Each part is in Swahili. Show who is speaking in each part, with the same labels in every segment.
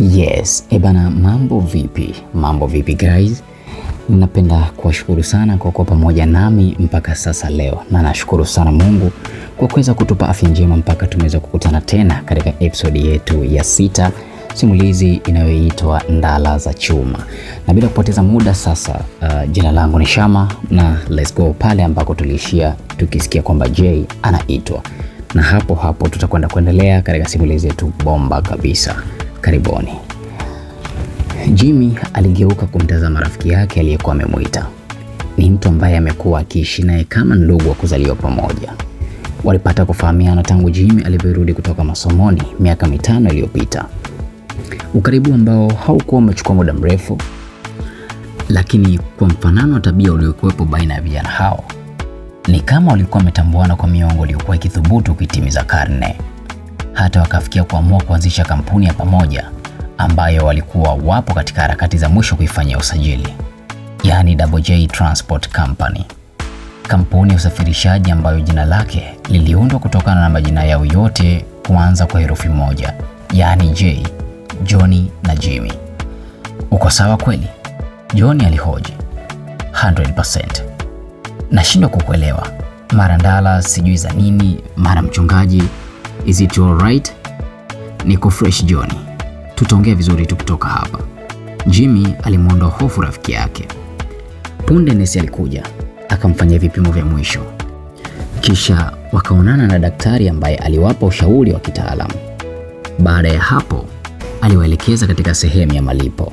Speaker 1: Yes, ebana, eh mambo vipi? Mambo vipi guys? Ninapenda kuwashukuru sana kwa kuwa pamoja nami mpaka sasa leo, na nashukuru sana Mungu kwa kuweza kutupa afya njema mpaka tumeweza kukutana tena katika episode yetu ya sita, simulizi inayoitwa Ndala za Chuma. Na bila kupoteza muda sasa, uh, jina langu ni Shama na let's go pale ambako tuliishia tukisikia kwamba Jay anaitwa, na hapo hapo tutakwenda kuendelea katika simulizi yetu bomba kabisa. Karibuni.
Speaker 2: Jimmy aligeuka kumtazama rafiki yake aliyekuwa amemwita. Ni mtu ambaye amekuwa akiishi naye kama ndugu wa kuzaliwa pamoja. Walipata kufahamiana tangu Jimmy alivyorudi kutoka masomoni miaka mitano iliyopita, ukaribu ambao haukuwa umechukua muda mrefu, lakini kwa mfanano wa tabia uliokuwepo baina ya vijana hao, ni kama walikuwa wametambuana kwa miongo iliyokuwa ikithubutu kuitimiza karne hata wakafikia kuamua kuanzisha kampuni ya pamoja ambayo walikuwa wapo katika harakati za mwisho kuifanyia usajili, yaani Double J Transport Company, kampuni ya usafirishaji ambayo jina lake liliundwa kutokana na majina yao yote kuanza kwa herufi moja, yaani J, Johnny na Jimmy. Uko sawa kweli? Johnny alihoji. 100%. Nashindwa kukuelewa, mara ndala sijui za nini, mara mchungaji Is it alright? Niko fresh John, tutaongea vizuri tu kutoka hapa. Jimmy alimwondoa hofu rafiki yake. Punde nesi alikuja akamfanyia vipimo vya mwisho, kisha wakaonana na daktari ambaye aliwapa ushauri wa kitaalamu. Baada ya hapo, aliwaelekeza katika sehemu ya malipo,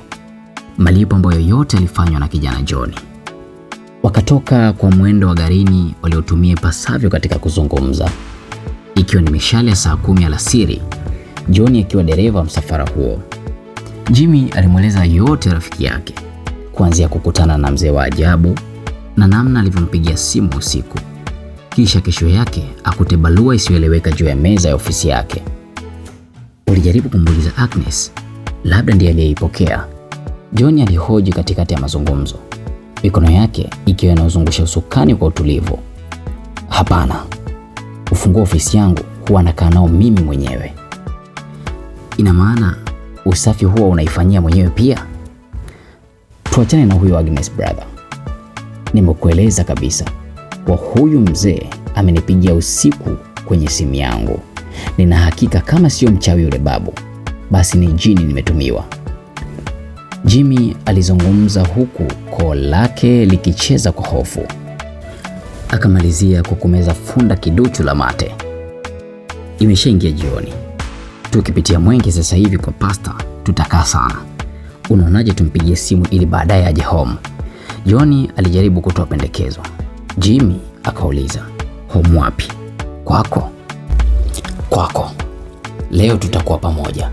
Speaker 2: malipo ambayo yote alifanywa na kijana John. Wakatoka kwa mwendo wa garini waliotumia ipasavyo katika kuzungumza ikiwa ni mishale ya saa kumi alasiri, John akiwa dereva wa msafara huo. Jimmy alimweleza yote rafiki yake, kuanzia kukutana na mzee wa ajabu na namna alivyompigia simu usiku, kisha kesho yake akute barua isiyoeleweka juu ya meza ya ofisi yake. Ulijaribu kumuuliza Agnes, labda ndiye aliyeipokea, John alihoji katikati ya mazungumzo, mikono yake ikiwa inazungusha usukani kwa utulivu. Hapana, kufungua ofisi yangu huwa nakaa nao mimi mwenyewe. Ina maana usafi huwa unaifanyia mwenyewe pia? Tuachane na huyo Agnes brother, nimekueleza kabisa kwa huyu mzee amenipigia usiku kwenye simu yangu. Nina hakika kama sio mchawi yule babu, basi ni jini nimetumiwa. Jimmy alizungumza huku koo lake likicheza kwa hofu akamalizia kwa kumeza funda kiduchu la mate. Imeshaingia jioni, tukipitia Mwenge sasa hivi kwa pasta tutakaa sana. Unaonaje tumpigie simu ili baadaye aje home? joni alijaribu kutoa pendekezo. Jimmy akauliza, home wapi? Kwako? Kwako. Leo tutakuwa pamoja,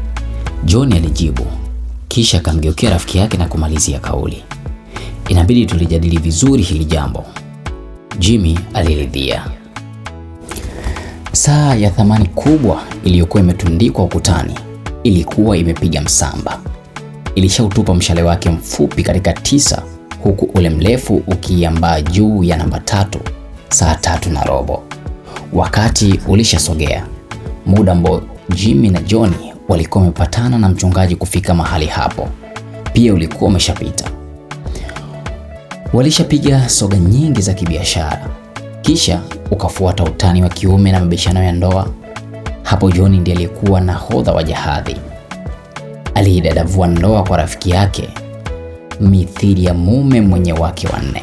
Speaker 2: joni alijibu, kisha akamgeukia rafiki yake na kumalizia kauli, inabidi tulijadili vizuri hili jambo. Jimmy aliridhia. Saa ya thamani kubwa iliyokuwa imetundikwa ukutani ilikuwa imepiga msamba. Ilishautupa mshale wake mfupi katika tisa, huku ule mrefu ukiambaa juu ya namba tatu. Saa tatu na robo, wakati ulishasogea, muda ambao Jimmy na Johnny walikuwa wamepatana na mchungaji kufika mahali hapo pia ulikuwa umeshapita. Walishapiga soga nyingi za kibiashara, kisha ukafuata utani wa kiume na mabishano ya ndoa. Hapo John ndiye aliyekuwa nahodha wa jahazi. Aliidadavua ndoa kwa rafiki yake mithili ya mume mwenye wake wanne,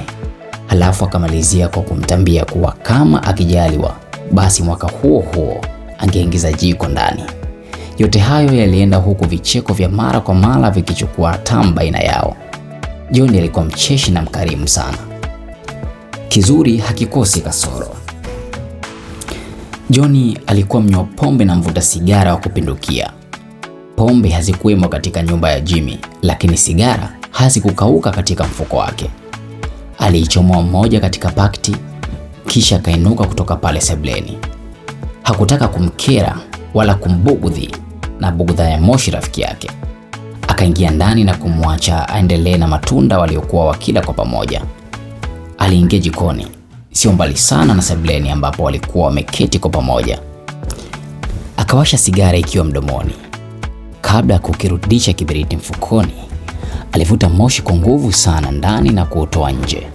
Speaker 2: halafu akamalizia kwa kumtambia kuwa kama akijaliwa, basi mwaka huo huo angeingiza jiko ndani. Yote hayo yalienda huku vicheko vya mara kwa mara vikichukua tamu baina yao. John alikuwa mcheshi na mkarimu sana. Kizuri hakikosi kasoro. John alikuwa mnywa pombe na mvuta sigara wa kupindukia. Pombe hazikuwemo katika nyumba ya Jimmy, lakini sigara hazikukauka katika mfuko wake. Aliichomoa mmoja katika pakti, kisha akainuka kutoka pale sebleni. Hakutaka kumkera wala kumbugudhi na bugudha ya Moshi rafiki yake akaingia ndani na kumwacha aendelee na matunda waliokuwa wakila kwa pamoja. Aliingia jikoni sio mbali sana na sebuleni ambapo walikuwa wameketi kwa pamoja. Akawasha sigara ikiwa mdomoni. Kabla ya kukirudisha kibiriti mfukoni, alivuta moshi kwa nguvu sana ndani na kuutoa nje.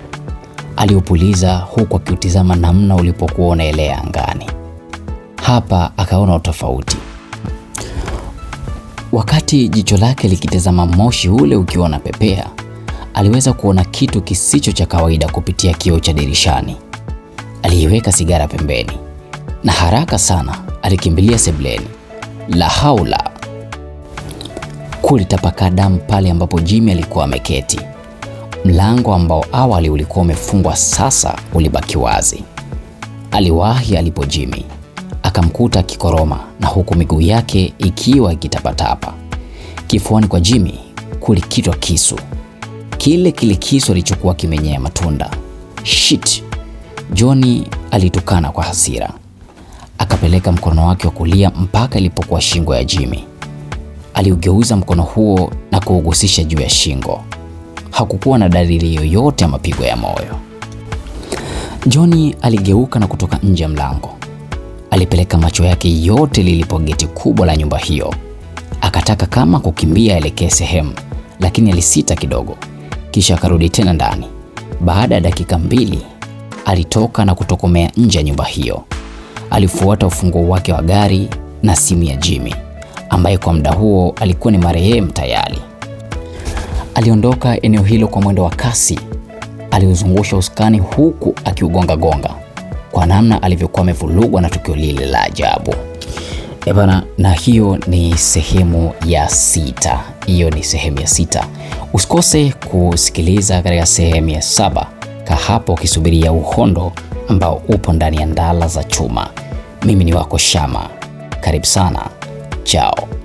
Speaker 2: Aliupuliza huku akiutizama namna ulipokuwa unaelea angani. Hapa akaona utofauti. Wakati jicho lake likitazama moshi ule ukiwa unapepea, aliweza kuona kitu kisicho cha kawaida kupitia kioo cha dirishani. Aliiweka sigara pembeni na haraka sana alikimbilia sebleni. La haula! Kulitapakaa damu pale ambapo Jimmy alikuwa ameketi. Mlango ambao awali ulikuwa umefungwa sasa ulibaki wazi. Aliwahi alipo Jimmy akamkuta akikoroma na huku miguu yake ikiwa ikitapatapa. Kifuani kwa Jimmy kulikitwa kisu, kile kile kisu alichokuwa kimenyea matunda. Shit! Johnny alitukana kwa hasira, akapeleka mkono wake wa kulia mpaka ilipokuwa shingo ya Jimmy. Aliugeuza mkono huo na kuugusisha juu ya shingo. Hakukuwa na dalili yoyote ya mapigo ya moyo. Johnny aligeuka na kutoka nje ya mlango Alipeleka macho yake yote lilipo geti kubwa la nyumba hiyo. Akataka kama kukimbia aelekee sehemu, lakini alisita kidogo, kisha akarudi tena ndani. Baada ya dakika mbili alitoka na kutokomea nje ya nyumba hiyo. Alifuata ufunguo wake wa gari na simu ya Jimmy ambaye kwa muda huo alikuwa ni marehemu tayari. Aliondoka eneo hilo kwa mwendo wa kasi, aliuzungusha usukani huku akiugongagonga kwa namna alivyokuwa amevurugwa na tukio lile la ajabu. Ebana, na hiyo ni sehemu ya sita. Hiyo ni sehemu ya sita, usikose kusikiliza katika sehemu ya saba ka hapo ukisubiria uhondo ambao upo ndani ya ndala za chuma. Mimi ni wako Shama, karibu sana, chao.